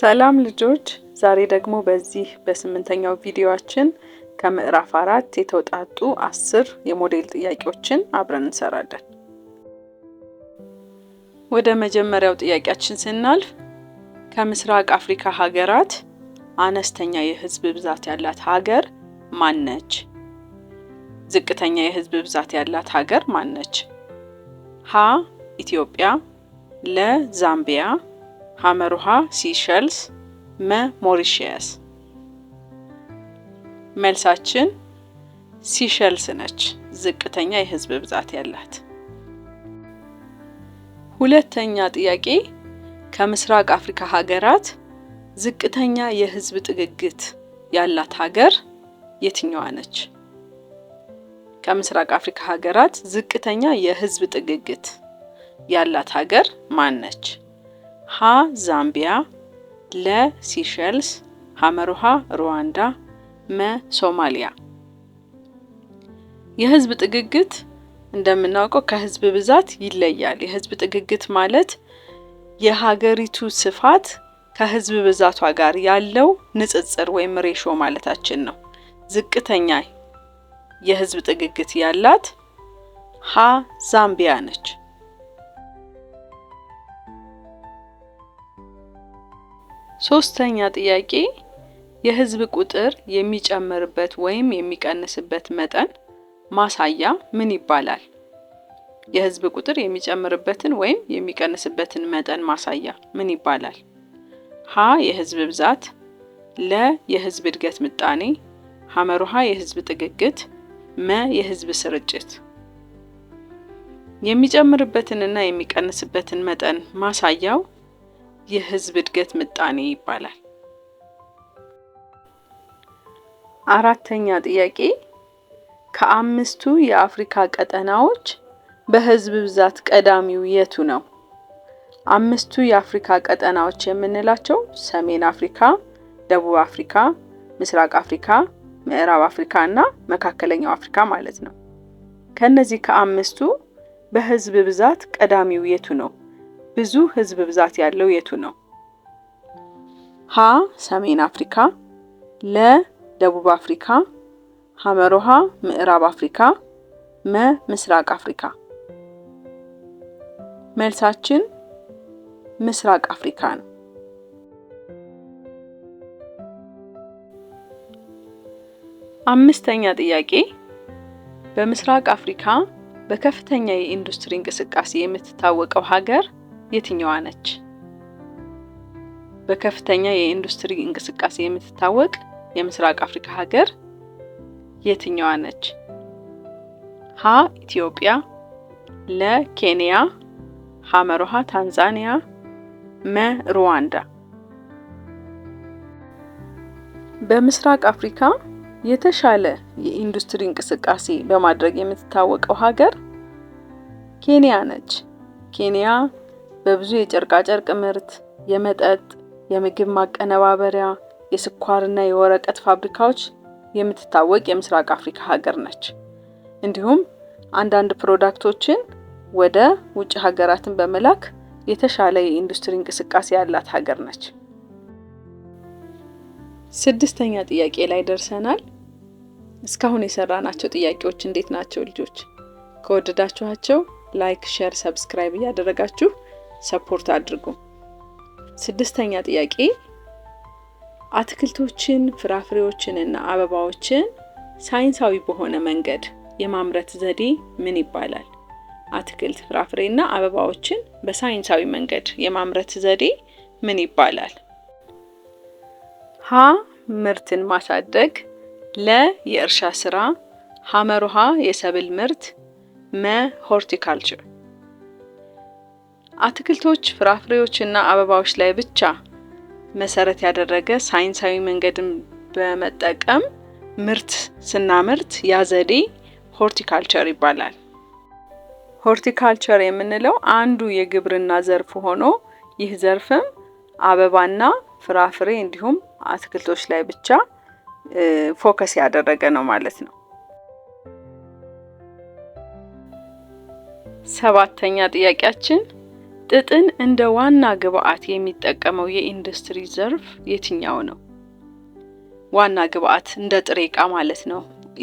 ሰላም ልጆች፣ ዛሬ ደግሞ በዚህ በስምንተኛው ቪዲዮአችን ከምዕራፍ አራት የተውጣጡ አስር የሞዴል ጥያቄዎችን አብረን እንሰራለን። ወደ መጀመሪያው ጥያቄያችን ስናልፍ ከምስራቅ አፍሪካ ሀገራት አነስተኛ የህዝብ ብዛት ያላት ሀገር ማን ነች? ዝቅተኛ የህዝብ ብዛት ያላት ሀገር ማን ነች? ሀ ኢትዮጵያ፣ ለ ዛምቢያ ሐመሩሃ ሲሸልስ መ ሞሪሺየስ። መልሳችን ሲሸልስ ነች፣ ዝቅተኛ የህዝብ ብዛት ያላት። ሁለተኛ ጥያቄ ከምስራቅ አፍሪካ ሀገራት ዝቅተኛ የህዝብ ጥግግት ያላት ሀገር የትኛዋ ነች? ከምስራቅ አፍሪካ ሀገራት ዝቅተኛ የህዝብ ጥግግት ያላት ሀገር ማን ነች? ሀ ዛምቢያ፣ ለ ሲሸልስ፣ ሐመሩሃ ሩዋንዳ፣ መ ሶማሊያ። የህዝብ ጥግግት እንደምናውቀው ከህዝብ ብዛት ይለያል። የህዝብ ጥግግት ማለት የሀገሪቱ ስፋት ከህዝብ ብዛቷ ጋር ያለው ንጽጽር ወይም ሬሾ ማለታችን ነው። ዝቅተኛ የህዝብ ጥግግት ያላት ሀ ዛምቢያ ነች። ሶስተኛ ጥያቄ የህዝብ ቁጥር የሚጨምርበት ወይም የሚቀንስበት መጠን ማሳያ ምን ይባላል? የህዝብ ቁጥር የሚጨምርበትን ወይም የሚቀንስበትን መጠን ማሳያ ምን ይባላል? ሀ የህዝብ ብዛት፣ ለ የህዝብ እድገት ምጣኔ፣ ሐመሩሃ የህዝብ ጥግግት፣ መ የህዝብ ስርጭት። የሚጨምርበትንና የሚቀንስበትን መጠን ማሳያው የህዝብ እድገት ምጣኔ ይባላል። አራተኛ ጥያቄ ከአምስቱ የአፍሪካ ቀጠናዎች በህዝብ ብዛት ቀዳሚው የቱ ነው? አምስቱ የአፍሪካ ቀጠናዎች የምንላቸው ሰሜን አፍሪካ፣ ደቡብ አፍሪካ፣ ምስራቅ አፍሪካ፣ ምዕራብ አፍሪካ እና መካከለኛው አፍሪካ ማለት ነው። ከነዚህ ከአምስቱ በህዝብ ብዛት ቀዳሚው የቱ ነው? ብዙ ህዝብ ብዛት ያለው የቱ ነው? ሀ ሰሜን አፍሪካ፣ ለ ደቡብ አፍሪካ፣ ሐመሮሃ ምዕራብ አፍሪካ፣ መ ምስራቅ አፍሪካ። መልሳችን ምስራቅ አፍሪካ ነው። አምስተኛ ጥያቄ በምስራቅ አፍሪካ በከፍተኛ የኢንዱስትሪ እንቅስቃሴ የምትታወቀው ሀገር የትኛዋ ነች? በከፍተኛ የኢንዱስትሪ እንቅስቃሴ የምትታወቅ የምስራቅ አፍሪካ ሀገር የትኛዋ ነች? ሀ ኢትዮጵያ፣ ለ ኬንያ፣ ሐመሮሃ ታንዛኒያ፣ መ ሩዋንዳ። በምስራቅ አፍሪካ የተሻለ የኢንዱስትሪ እንቅስቃሴ በማድረግ የምትታወቀው ሀገር ኬንያ ነች። ኬንያ በብዙ የጨርቃጨርቅ ምርት፣ የመጠጥ፣ የምግብ ማቀነባበሪያ፣ የስኳርና የወረቀት ፋብሪካዎች የምትታወቅ የምስራቅ አፍሪካ ሀገር ነች። እንዲሁም አንዳንድ ፕሮዳክቶችን ወደ ውጭ ሀገራትን በመላክ የተሻለ የኢንዱስትሪ እንቅስቃሴ ያላት ሀገር ነች። ስድስተኛ ጥያቄ ላይ ደርሰናል። እስካሁን የሰራናቸው ጥያቄዎች እንዴት ናቸው ልጆች? ከወደዳችኋቸው ላይክ፣ ሼር፣ ሰብስክራይብ እያደረጋችሁ ሰፖርት አድርጉ። ስድስተኛ ጥያቄ አትክልቶችን ፍራፍሬዎችን እና አበባዎችን ሳይንሳዊ በሆነ መንገድ የማምረት ዘዴ ምን ይባላል? አትክልት እና አበባዎችን በሳይንሳዊ መንገድ የማምረት ዘዴ ምን ይባላል? ሀ ምርትን ማሳደግ፣ ለ የእርሻ ስራ፣ ሐመሩሃ የሰብል ምርት፣ መ ሆርቲካልቸር አትክልቶች፣ ፍራፍሬዎችና አበባዎች ላይ ብቻ መሰረት ያደረገ ሳይንሳዊ መንገድን በመጠቀም ምርት ስናመርት ያ ዘዴ ሆርቲካልቸር ይባላል። ሆርቲካልቸር የምንለው አንዱ የግብርና ዘርፍ ሆኖ ይህ ዘርፍም አበባና ፍራፍሬ እንዲሁም አትክልቶች ላይ ብቻ ፎከስ ያደረገ ነው ማለት ነው። ሰባተኛ ጥያቄያችን ጥጥን እንደ ዋና ግብአት የሚጠቀመው የኢንዱስትሪ ዘርፍ የትኛው ነው? ዋና ግብአት እንደ ጥሬ ዕቃ ማለት ነው።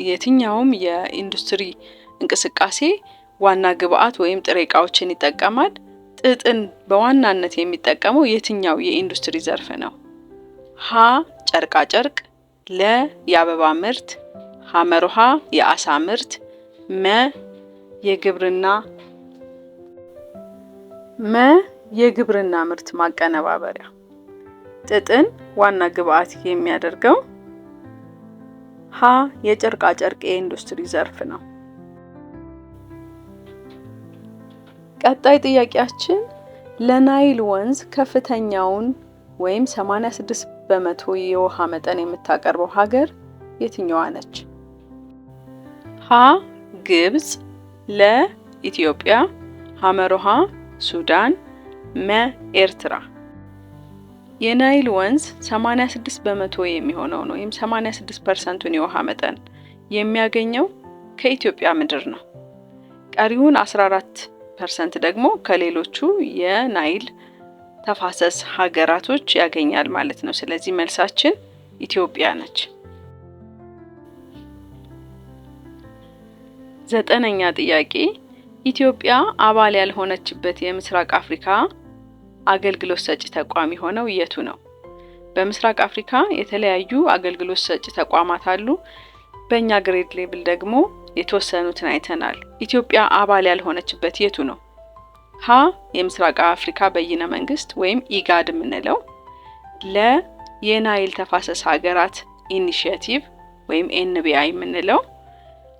የትኛውም የኢንዱስትሪ እንቅስቃሴ ዋና ግብአት ወይም ጥሬ ዕቃዎችን ይጠቀማል። ጥጥን በዋናነት የሚጠቀመው የትኛው የኢንዱስትሪ ዘርፍ ነው? ሀ ጨርቃ ጨርቅ፣ ለ የአበባ ምርት፣ ሐመር ውሃ የአሳ ምርት፣ መ የግብርና መ የግብርና ምርት ማቀነባበሪያ ጥጥን ዋና ግብአት የሚያደርገው ሀ የጨርቃ ጨርቅ የኢንዱስትሪ ዘርፍ ነው። ቀጣይ ጥያቄያችን ለናይል ወንዝ ከፍተኛውን ወይም 86 በመቶ የውሃ መጠን የምታቀርበው ሀገር የትኛዋ ነች? ሀ ግብፅ ለ ኢትዮጵያ፣ ውሃ? ሱዳን፣ መ ኤርትራ። የናይል ወንዝ 86 በመቶ የሚሆነው ነው ወይም 86 ፐርሰንቱን የውሃ መጠን የሚያገኘው ከኢትዮጵያ ምድር ነው። ቀሪውን 14 ፐርሰንት ደግሞ ከሌሎቹ የናይል ተፋሰስ ሀገራቶች ያገኛል ማለት ነው። ስለዚህ መልሳችን ኢትዮጵያ ነች። ዘጠነኛ ጥያቄ ኢትዮጵያ አባል ያልሆነችበት የምስራቅ አፍሪካ አገልግሎት ሰጪ ተቋም የሆነው የቱ ነው? በምስራቅ አፍሪካ የተለያዩ አገልግሎት ሰጪ ተቋማት አሉ። በእኛ ግሬድ ሌብል ደግሞ የተወሰኑትን አይተናል። ኢትዮጵያ አባል ያልሆነችበት የቱ ነው? ሀ የምስራቅ አፍሪካ በይነ መንግስት ወይም ኢጋድ የምንለው፣ ለ የናይል ተፋሰስ ሀገራት ኢኒሽቲቭ ወይም ኤንቢአይ የምንለው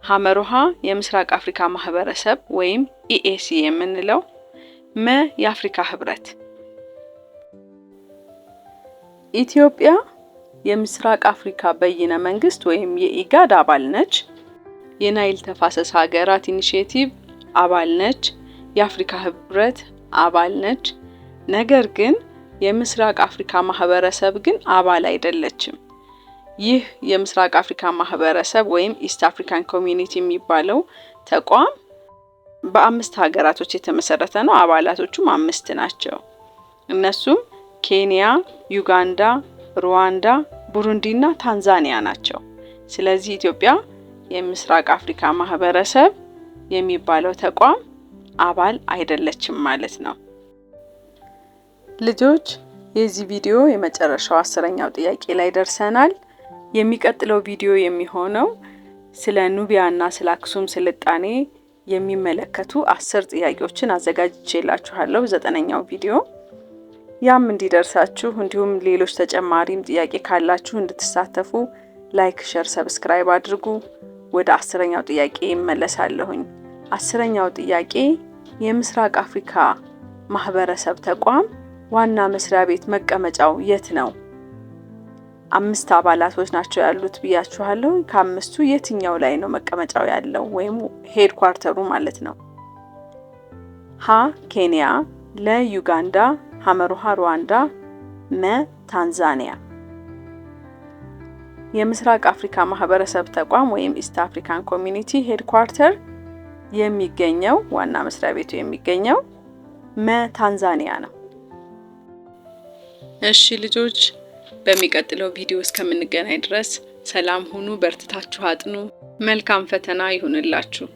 ሀመሩሃ የምስራቅ አፍሪካ ማህበረሰብ ወይም ኢኤሲ e የምንለው፣ መ የአፍሪካ ህብረት። ኢትዮጵያ የምስራቅ አፍሪካ በይነ መንግስት ወይም የኢጋድ አባል ነች። የናይል ተፋሰስ ሀገራት ኢኒሽቲቭ አባል ነች። የአፍሪካ ህብረት አባል ነች። ነገር ግን የምስራቅ አፍሪካ ማህበረሰብ ግን አባል አይደለችም። ይህ የምስራቅ አፍሪካ ማህበረሰብ ወይም ኢስት አፍሪካን ኮሚኒቲ የሚባለው ተቋም በአምስት ሀገራቶች የተመሰረተ ነው። አባላቶቹም አምስት ናቸው። እነሱም ኬንያ፣ ዩጋንዳ፣ ሩዋንዳ፣ ቡሩንዲ እና ታንዛኒያ ናቸው። ስለዚህ ኢትዮጵያ የምስራቅ አፍሪካ ማህበረሰብ የሚባለው ተቋም አባል አይደለችም ማለት ነው። ልጆች የዚህ ቪዲዮ የመጨረሻው አስረኛው ጥያቄ ላይ ደርሰናል። የሚቀጥለው ቪዲዮ የሚሆነው ስለ ኑቢያ እና ስለ አክሱም ስልጣኔ የሚመለከቱ አስር ጥያቄዎችን አዘጋጅቼላችኋለሁ። ዘጠነኛው ቪዲዮ ያም እንዲደርሳችሁ እንዲሁም ሌሎች ተጨማሪም ጥያቄ ካላችሁ እንድትሳተፉ ላይክ፣ ሸር፣ ሰብስክራይብ አድርጉ። ወደ አስረኛው ጥያቄ ይመለሳለሁኝ። አስረኛው ጥያቄ የምስራቅ አፍሪካ ማህበረሰብ ተቋም ዋና መስሪያ ቤት መቀመጫው የት ነው? አምስት አባላቶች ናቸው ያሉት ብያችኋለሁ። ከአምስቱ የትኛው ላይ ነው መቀመጫው ያለው ወይም ሄድ ኳርተሩ ማለት ነው? ሀ ኬንያ፣ ለ ዩጋንዳ፣ ሐመሩሃ ሩዋንዳ፣ መ ታንዛኒያ። የምስራቅ አፍሪካ ማህበረሰብ ተቋም ወይም ኢስት አፍሪካን ኮሚዩኒቲ ሄድ ኳርተር የሚገኘው ዋና መስሪያ ቤቱ የሚገኘው መ ታንዛኒያ ነው። እሺ ልጆች በሚቀጥለው ቪዲዮ እስከምንገናኝ ድረስ ሰላም ሁኑ። በርትታችሁ አጥኑ። መልካም ፈተና ይሁንላችሁ።